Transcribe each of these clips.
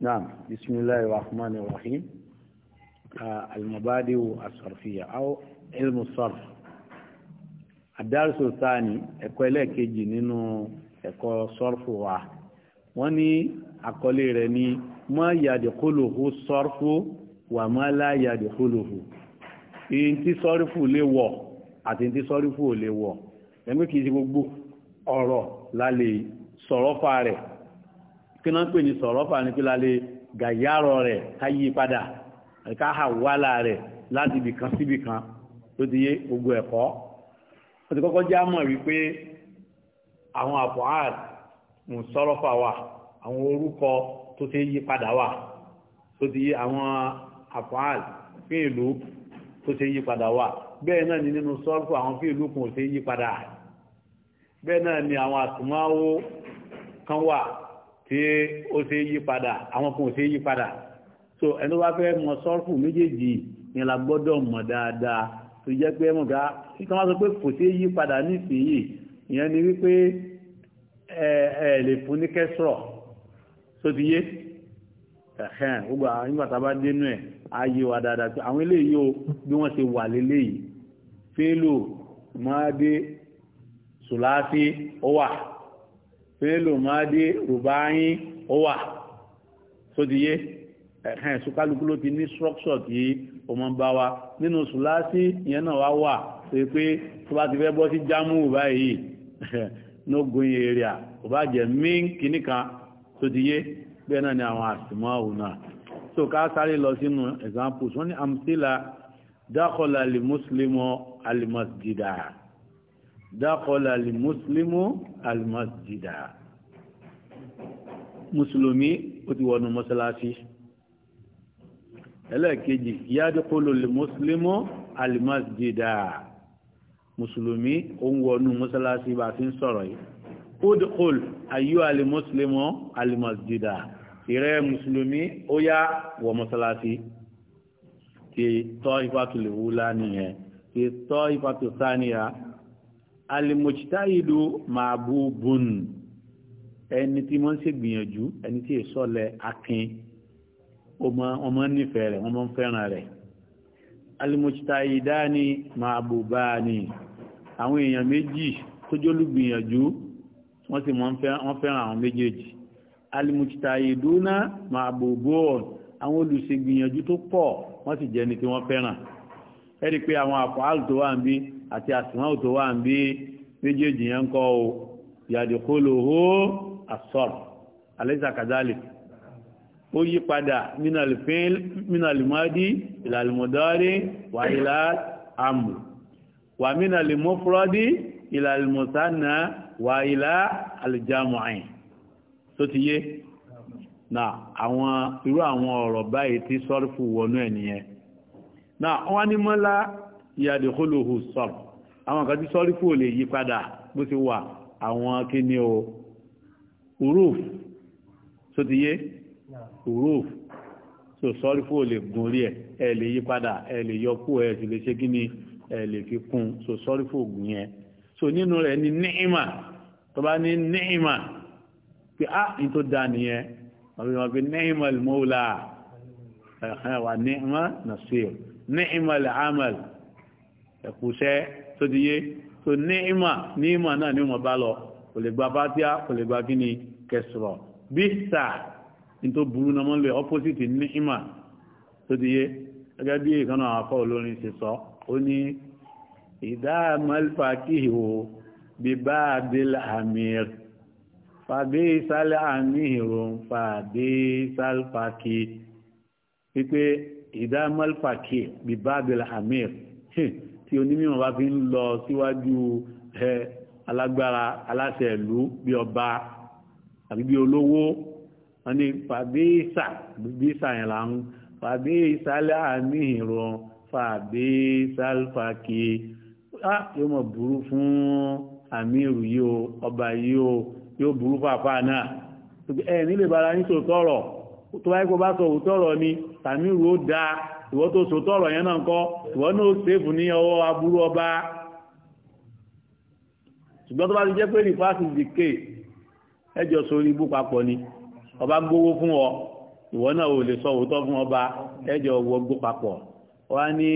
نعم بسم الله الرحمن الرحيم المبادئ الصرفية أو علم الصرف الدرس الثاني ẹ̀kọ́ ẹlẹ́ẹ̀kejì nínú ẹ̀kọ́ sọ́rfù wa wọ́n ní àkọlé rẹ̀ ní ma yadkhuluhu sọ́rfù wà ma la yadkhuluhu ìyí tí sọ́rfù lè wọ̀ àti tí sọ́rfù ò lè wọ̀ ẹgbẹ́ kìí ṣe gbogbo ọ̀rọ̀ lálẹ́ sọ̀rọ̀fà rẹ̀ kí náà ń pè ní sọ̀rọ̀fà ní pílá lè gàyàrọ̀ rẹ̀ ká yí padà ká hà wálà rẹ̀ láti ibì kan síbì kan tó ti yé gbogbo ẹ̀kọ́ ó ti kọ́kọ́ já mọ̀ wípé àwọn àpòhàn mú sọ̀rọ̀fà wà àwọn orúkọ tó ti yí padà wà tó ti yé àwọn àpòhàn fún ìlú tó ti yí padà wà bẹ́ẹ̀ náà ni nínú sọ́ọ̀fù àwọn fún ìlú kan ò ti yí padà bẹ́ẹ̀ náà ni àwọn àtúmáwó kan wà tí ó ṣe yí padà àwọn kan ò ṣe yí padà so ẹni wá fẹ́ mọ sọ́ọ̀fù méjèèjì yẹn la gbọ́dọ̀ mọ̀ dáadáa tó jẹ́ pé ẹmọ ga kí kan wá sọ pé kò ṣe yí padà nísìnyí ìyẹn ni wípé ẹ ẹ lè fún ní kẹsọ̀rọ̀ tó ti yé ẹ̀hẹ́n gbogbo àwọn a bá dénú ẹ̀ ayé wa dáadáa tí àwọn eléyìí o bí wọ́n ṣe wà lélẹ́yìí félò máa dé sùlááfí ó wà fẹ́lò máa dé rùbáyín ó wà tó ti yé ẹ̀hẹ́n sùkálukú ló ti ní structure tí ó máa ń bá wa nínú sùláṣí ìyẹn náà wá wà pé pé tó bá ti fẹ́ bọ́ sí jámù báyìí no going area kò bá jẹ́ mín kìíní kan tó ti yé bẹ́ẹ̀ náà ni àwọn àsìmọ́ òun náà so ká sáré lọ sínú examples wọ́n ní amsila dákọ̀lá lè mùsùlùmọ́ dákọlá lè mùsùlùmí alìmọ́sídà mùsùlùmí ó ti wọnú mọ́sálásí ẹlẹ́ẹ̀kejì yádìkọlù lè mùsùlùmí alìmọ́sídà mùsùlùmí ó ń wọnú mọ́sálásí bá fi ń sọ̀rọ̀ yìí ó dìkọlù ayú alìmọ́sílùmí alìmọ́sídà ìrẹ́ mùsùlùmí ó yá wọ mọ́sálásí ti tọ́ ipa tó lè wúlá nìyẹn alimọ̀tàìlú màbúbùn ẹni tí wọ́n ń ṣe gbìyànjú ẹni tí èsọ́lẹ̀ akin ọmọ nífẹ̀ẹ́ rẹ̀ wọ́n mọ́ ń fẹ́ràn rẹ̀ alimọ̀tàìdá ni màbúbá ni àwọn èèyàn méjì tó jólúgbìyànjú wọ́n sì mọ́ ń fẹ́ràn àwọn méjèèjì alimọ̀tàìdú náà màbúbùn àwọn olùṣègbìyànjú tó pọ̀ wọ́n sì jẹ́ ẹni tí wọ́n fẹ́ràn ẹ̀rí àti àsìmọ́ òtò wà ń bí méjèèjì yẹn ń kọ́ o yàdìkólò hó àsọ̀rọ̀ alẹ́sà kàdálì ó yí padà mínàlìmọ́dí ìlàlìmọ̀dọ́rí wà ilá àmù wà mínàlìmọ́fúrọ́dí ìlàlìmọ̀sánà wà ilá alìjámọ̀ìn tó ti yé na àwọn irú àwọn ọ̀rọ̀ báyìí tí sọ́rífù wọnú ẹ̀ nìyẹn na wọ́n ní mọ́lá ìyàdè kólóhù sọ̀rọ̀ àwọn kan tí sọ́rífù ò lè yí padà bó ti wà àwọn kíní o uruf so ti yé uruf tó sọ́rífù ò lè gun orí ẹ̀ ẹ̀ lè yí padà ẹ̀ lè yọ kú ẹ̀ sì lè ṣe kíní ẹ̀ lè fi kún tó sọ́rífù ògùn yẹn so nínú rẹ̀ ní níìmà tó bá ní níìmà pé á ní tó da nìyẹn wọ́n fi wọ́n fi níìmà lè mọ́wùlà ẹ̀hẹ́ wà níìmà nàṣẹ́ níìmà lè hàmàlì ẹ̀kúṣẹ́ tó ti yé tó ní ìmà ní ìmà náà ní ìmọ̀ bá lọ kò lè gba bátíá kò lè gba kíni kẹsìrọ̀ bí sà ní tó burú náà mọ́ lè opposite ní ìmà tó ti yé gẹ́gẹ́ bí ìkan náà afọ́ olórin ṣe sọ ó ní ìdáàmọ́lfà kíhò bí bá adélà àmìr fàbí ìsàlẹ̀ àmìhìrò fàbí ìsàlfà kí wípé ìdáàmọ́lfà kí bí bá adélà àmìr onímọ̀ bá fi ń lọ síwájú ẹ alágbára aláṣẹ ìlú bí ọba àbí bí olówó wọn ni fàbíìsà fàbíìsà yẹn là ń fàbíìsà láàánú ìrọ̀ fàbíìsà fàkì á yóò mọ̀ burú fún àmírù yìí o ọba yìí o yóò burú fàfà náà ẹ nílé bara ní tòótọ́ tó báyìí kó bá sọ òótọ́ ni tàmírù ó dáa ìwọ tó sòtọ́ ọ̀rọ̀ yẹn náà kọ́ ìwọ náà sèfù ní ọwọ́ aburú ọba ṣùgbọ́n tó bá ti jẹ́ pé rìfáàsì dìkè ẹjọ́ sórí ibú papọ̀ ni ọba gbowó fún ọ ìwọ náà ò lè sọ òótọ́ fún ọba ẹjọ́ wọ gbó papọ̀ wá ní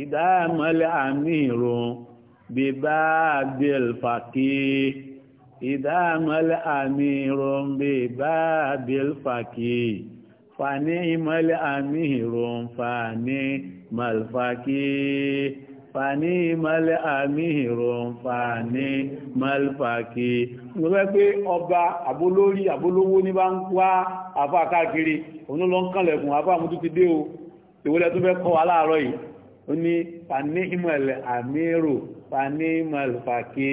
ìdáàmọ́lẹ̀ àmì ìrùn bíbá bílfàkì ìdáàmọ́lẹ̀ àmì ìrùn bíbá bílfàkì fani ìmọ̀lẹ̀ àmì ìrùn fani malfaki fani ìmọ̀lẹ̀ àmì ìrùn fani malfaki mo fẹ́ pé ọba àbólórí àbólówó ní bá ń wá àfá káàkiri òun ló ń kànlẹ̀kùn àfá àmútú ti dé o ìwọlẹ̀ tó fẹ́ kọ́ wa yìí ó ní fani ìmọ̀lẹ̀ àmì ìrù fani malfaki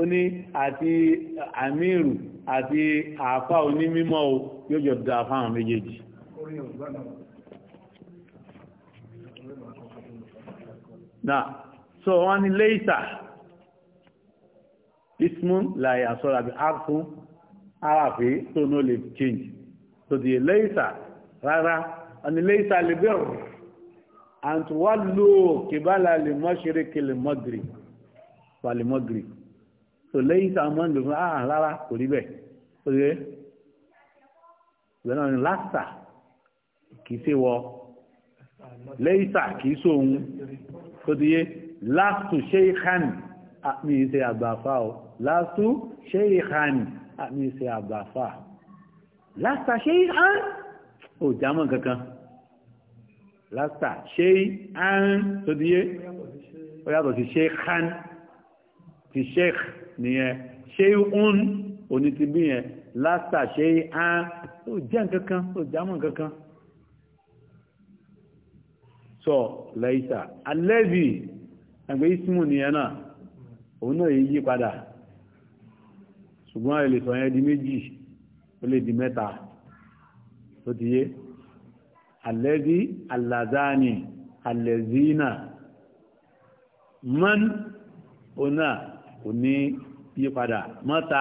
ó ní àti àmì ìrù àti àfá onímímọ́ náà so wọ́n ní léìsà ismun láyé àsọ́ra bí áàfún aráàfẹ́ tó ní ó lè change so di léìsà rárá wọ́n ní léìsà lè bẹ̀rù àtúwálò kìbálà lè mọ́ ṣeré kí lè mọ́ gírí wà lè mọ́ gírí so léìsà mọ́ ń lè fún àà ah, rárá kò rí bẹ́ẹ̀ ó yẹ kìí ṣe wọ lẹ́yìsà kìí sóhun tó ti yé láàtù ṣeéhánì àmì ìṣe àgbàfà o láàtù ṣeéhánì àmì ìṣe àgbàfà láàtà ṣeéhánì ò jámọ́ kankan láàtà ṣeéhánì tó ti yé ó yàtọ̀ sí ṣeéhánì ti sheikh nìyẹn ṣeéhún oní ti bí yẹn láàtà ṣeéhánì ò jẹ́ nǹkankan ò jámọ́ nǹkankan sọ lẹ́ìsà alẹ́bì ẹgbẹ́ ismu ni náà òun náà yí padà ṣùgbọ́n ilé sọ̀yẹn di méjì ó lè di mẹ́ta tó ti yé alẹ́bì alàzáni alẹ́zínà mọ́n òun náà kò ní yí padà mọ́ta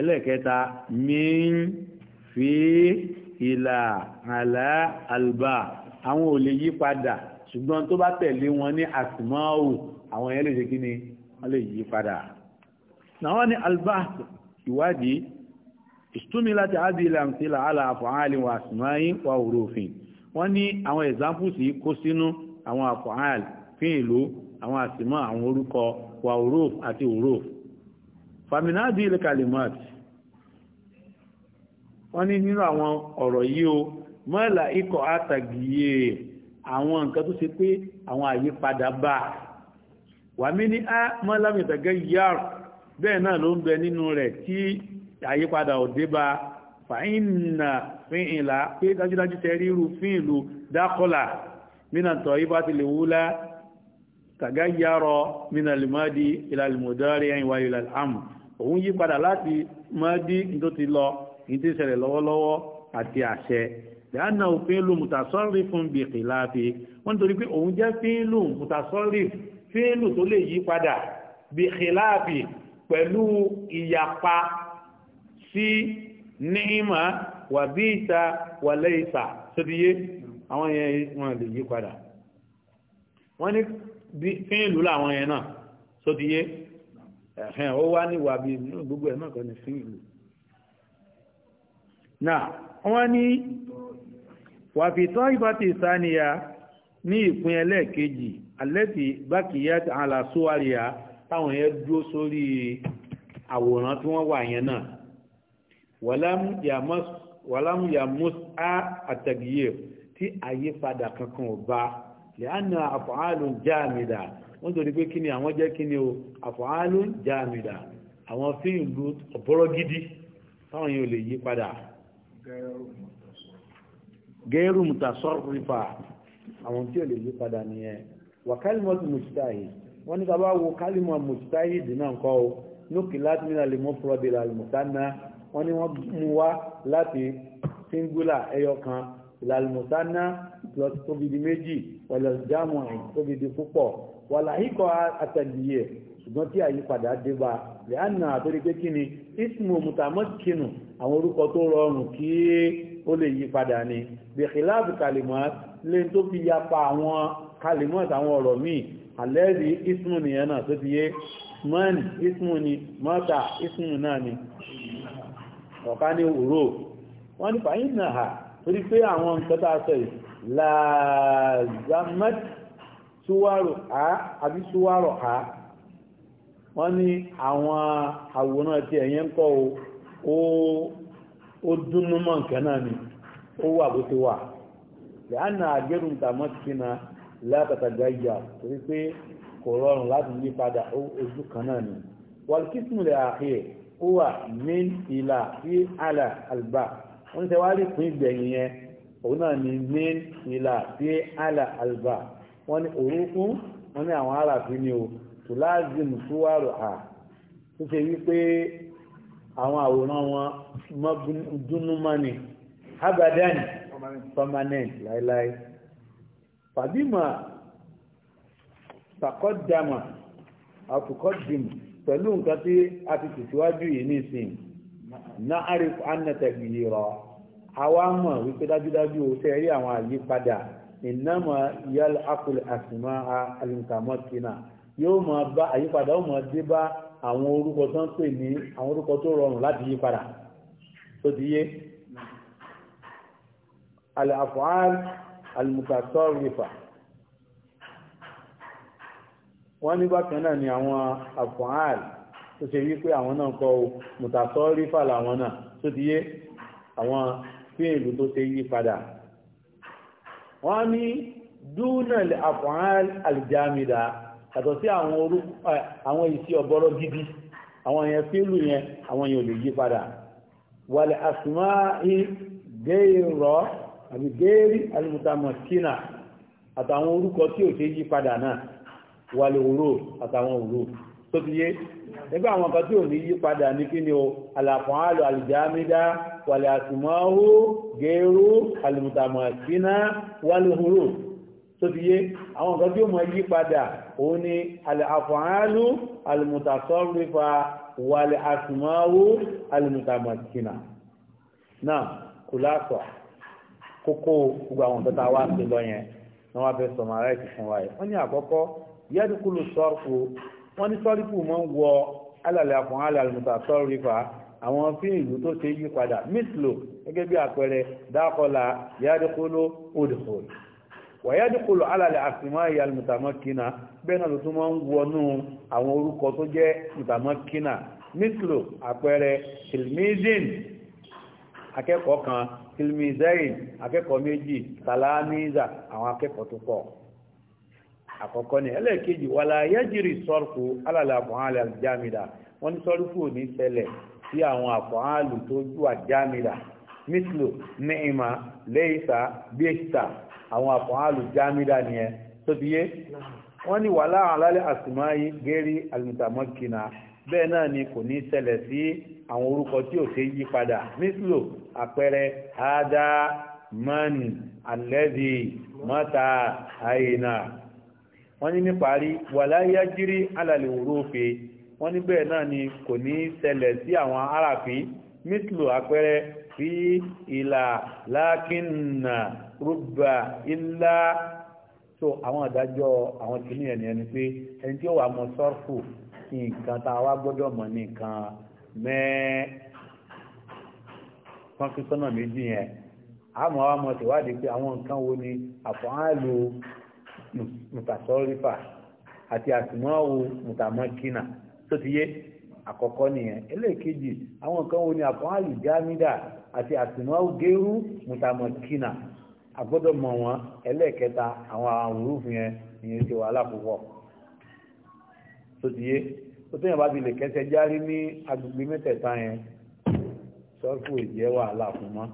ẹlẹ́kẹta míín fi ìlà àlá àlbà àwọn ò lè yí padà ṣùgbọ́n tó bá tẹ̀lé wọn ní àtìmọ́ọ̀wò àwọn yẹn lè ṣe kí ni wọ́n lè yí padà náwọn ni albahth ìwádìí ìstúmílá ti ádìlà àmtìlà aláàfọ̀hálì wà àtìmọ́yí wà òrófin wọ́n ní àwọn examples yìí kó sínú àwọn àfọ̀hálì fín ìlú àwọn àtìmọ́ àwọn orúkọ wà òróf àti òróf fàmìnádìí ilẹ̀ kalimat wọ́n ní nínú àwọn mọ́là ikọ̀ àtàgìyè àwọn nǹkan tó ṣe pé àwọn àyípadà bá wà mí ní á mọ́lá mìtàgẹ́ yàr bẹ́ẹ̀ náà ló ń bẹ nínú rẹ̀ tí àyípadà ò dé bá fàínà fíìlà pé dájúdájú tẹ ríru fíìlù dákọ́là mínà tọ̀ ibá ti lè wúlá tàgáyàrọ̀ mínà lèmọ́dí ìlàlèmọ̀dọ́rẹ̀ ìwà ìlàlámù òun yípadà láti mọ́dí ní lọ ní tí ṣẹlẹ̀ lọ́wọ́lọ́wọ́ àti àṣẹ lẹ́yìnà òfin lù mùtàsọ́rì fún bìkì láàfi wọ́n torí pé òun jẹ́ fíìlù mùtàsọ́rì fíìlù tó lè yí padà bìkì láàfi pẹ̀lú ìyapa sí níhìmá wàbíìta wàlẹ́ìta sódíyé àwọn yẹn wọn lè yí padà wọ́n ní fíìlù làwọn yẹn náà sódíyé ẹ̀hẹ́n ó wá ní wàbí gbogbo ẹ̀ náà kọ́ ní fíìlù náà wọ́n ní wàfitọ́ ìbátí sáníyà ní ìpín ẹlẹ́ẹ̀kejì alẹ́tì bákìyà alàsúwárìà táwọn yẹn dúró sórí àwòrán tí wọ́n wà yẹn náà wàlámù yàmús á àtẹ̀gìyè tí àyípadà kankan ò bá lẹ́ánà àfọ̀hálù jáàmìdà wọ́n tó di pé kí ni àwọn jẹ́ kí ni o àfọ̀hálù jáàmìdà àwọn fíìlú ọ̀bọ̀rọ̀ gidi táwọn yẹn ò lè yí padà gẹ́rù mùtàsọ́rìfà àwọn tí ò lè yí padà nìyẹn wà kálímọ̀ tí mùsítáhì wọ́n ní tàbá wo kálímọ̀ mùsítáhì dínà ńkọ́ o lókè láti nílà lè mọ́ fúrọ́bìlà àlùmọ̀tánà wọ́n ní wọ́n mú wá láti singular ẹyọ kan ìlàlùmọ̀tánà plus tóbi di méjì wàlẹ̀ jámù tó fi di ṣùgbọ́n tí àyípadà dé bá lè á nà àtórí pé kí ni ismu mutamakinu àwọn orúkọ tó rọrùn kí ó lè yí ni bi khilaf kalimat lè tó fi yapa àwọn kalimat àwọn ọ̀rọ̀ míì àlẹ́rí ismu nìyẹn náà tó ti yé mọ́ni ismu ni mọ́ta ismu náà ni ọ̀ká ní òró wọ́n ní fàyín náà hà torí pé àwọn nǹkan tá a sọ yìí làzámẹ́tì súwárò ha àbí súwárò ha wọ́n ní àwọn àwòrán ti ẹ̀yẹn ń kọ́ ó dúnnú mọ́ nǹkan náà ni ó wà bó ti wà lẹ́yìn àgbẹ̀rùn tàmọ́ ti na látàtàgbà ìyà torí pé kò rọrùn láti yí padà ojú kan náà ni wàlùkísùn lè àkíyè ó wà ní ìlà sí àlà àlùbá wọ́n ti wá rí òun náà ni ní ìlà sí àlà àlùbá wọ́n ní òrùkún wọ́n ní àwọn aráàfin ni o tùláàzìmù súwárò à tó ṣe wípé àwọn àwòrán wọn dúnúmọ́ni abadan permanent láíláí fàbímọ̀ tàkọ́dàmà àtùkọ́dìmù pẹ̀lú nǹkan tí a ti tìsíwájú yìí nísìn náà àríkù annatẹ̀gbìyì rọ̀ àwa mọ̀ wípé dájúdájú ó ṣe rí àwọn àyípadà ìnámọ̀ yálà akùlẹ̀ àsìmọ́ alìǹkàmọ́kínà yóò máa bá àyípadà ó máa dé bá àwọn orúkọ tó ń pè ní àwọn orúkọ tó rọrùn láti yí padà tó ti yé al-af'al al-mutasarrifa wọ́n ní bákan náà ni àwọn af'al tó ṣe wípé àwọn náà kọ mutasarrifa làwọn náà tó ti yé àwọn fíìlù tó ṣe yí padà wọ́n ní dúnà al-af'al yàtọ̀ sí àwọn orúkọ àwọn ìsí ọ̀bọ̀rọ̀ gidi àwọn èèyàn fílù yẹn àwọn èèyàn ò lè yí padà wàlẹ̀ àsùnmá gẹ́rọ àbí gẹ́rí alìmùtàmọ̀kínà àtàwọn orúkọ tí ò ṣe yí padà náà wàlẹ̀ òró àtàwọn òró tó ti yé nígbà àwọn kan tí ò ní yí padà ní kí ni o àlàfọ́n àlò àlìjámídá wàlẹ̀ àsùnmọ́ gẹ́rú alìmùtàmọ̀kínà wàlẹ̀ òró tó ti yé àwọn kan tí ó mọ yí padà òun ni àfààlù alìmùtàsọ́rífà wàlẹ̀ àtùmáwó alìmùtàmàkìnà náà kò lásọ̀ kókó gbogbo àwọn tọ́ta wá sí lọ yẹn ni wọ́n fẹ́ sọmaráìtì fún wa yìí wọ́n ní àkọ́kọ́ yẹ́dùkúlù sọ́rùkù wọ́n ní sọ́rùkù mọ́ ń wọ alàlẹ́ àfààlù alìmùtàsọ́rífà àwọn fíìn ìlú tó ṣe yí padà mítlò gẹ́gẹ́ bí àpẹẹrẹ dákọlà yádókóló òdòkòlù wàyádìkòlò alàlẹ̀ àsìmọ́ ìyá alìmùtàmọ́kínà bẹ́ẹ̀ náà ló tún máa ń wọnú àwọn orúkọ tó jẹ́ mùtàmọ́kínà mislo àpẹẹrẹ tilmizin akẹ́kọ̀ọ́ kan tilmizain akẹ́kọ̀ọ́ méjì talamiza àwọn akẹ́kọ̀ọ́ tó pọ̀ àkọ́kọ́ ni ẹlẹ́ẹ̀kejì wàlà yẹ́jìrì sọ́rùkù alàlẹ̀ àfọ̀hánlẹ̀ àjámìdà wọ́n ní sọ́rùkù ò ní ṣẹlẹ̀ sí àwọn àfọ̀hánlù tó jù àjámìdà mislo ni'ima leisa bíẹ́sà àwọn àfọ̀hálù jámídà ni ẹ tó ti yé wọ́n ní wàhálà alálẹ́ àsìmáyí gẹ́rí alìmùtàmọ́kìnà bẹ́ẹ̀ náà ni kò ní ṣẹlẹ̀ sí àwọn orúkọ tí ò ṣe yí padà nísìlò àpẹẹrẹ hada man alẹ́dì mọ́ta àyìnà wọ́n ní níparí wàhálà yájírí alàlẹ́ òrófè wọ́n ní bẹ́ẹ̀ náà ni kò ní ṣẹlẹ̀ sí àwọn aráàfin nísìlò àpẹẹrẹ fi ila, lákínà rúbà ilá so àwọn àdájọ́ àwọn kìíní ẹni ẹni pé ẹni tí ó wà mọ sọ́ọ̀fù nǹkan tá a wá gbọ́dọ̀ mọ̀ nìkan mẹ́ẹ́ kọ́ńtísọ́nà méjì yẹn àmọ́ àwọn ọmọ tìwádìí pé àwọn nǹkan wo ni àfọ̀hánlò mùtàsọ́rífà àti àtìmọ́wò mùtàmọ́kínà tó ti yé àkọ́kọ́ nìyẹn ẹlẹ́ẹ̀kejì àwọn nǹkan wo ni àfọ̀hánlò jámídà àti àtìmọ́wò gẹ́rú mùtàmọ̀kínà àgbọ́dọ̀ mọ̀ wọ́n ẹlẹ́ẹ̀kẹta àwọn àwòrúfin yẹn ìyẹn ti wà lápòpọ̀ tó ti yé tó tẹ́yìn bá ti lè kẹsẹ̀ járí ní agbègbè mẹ́tẹ̀ẹ̀ta yẹn sọ́fù ìjẹ́ wàhálà fún mọ́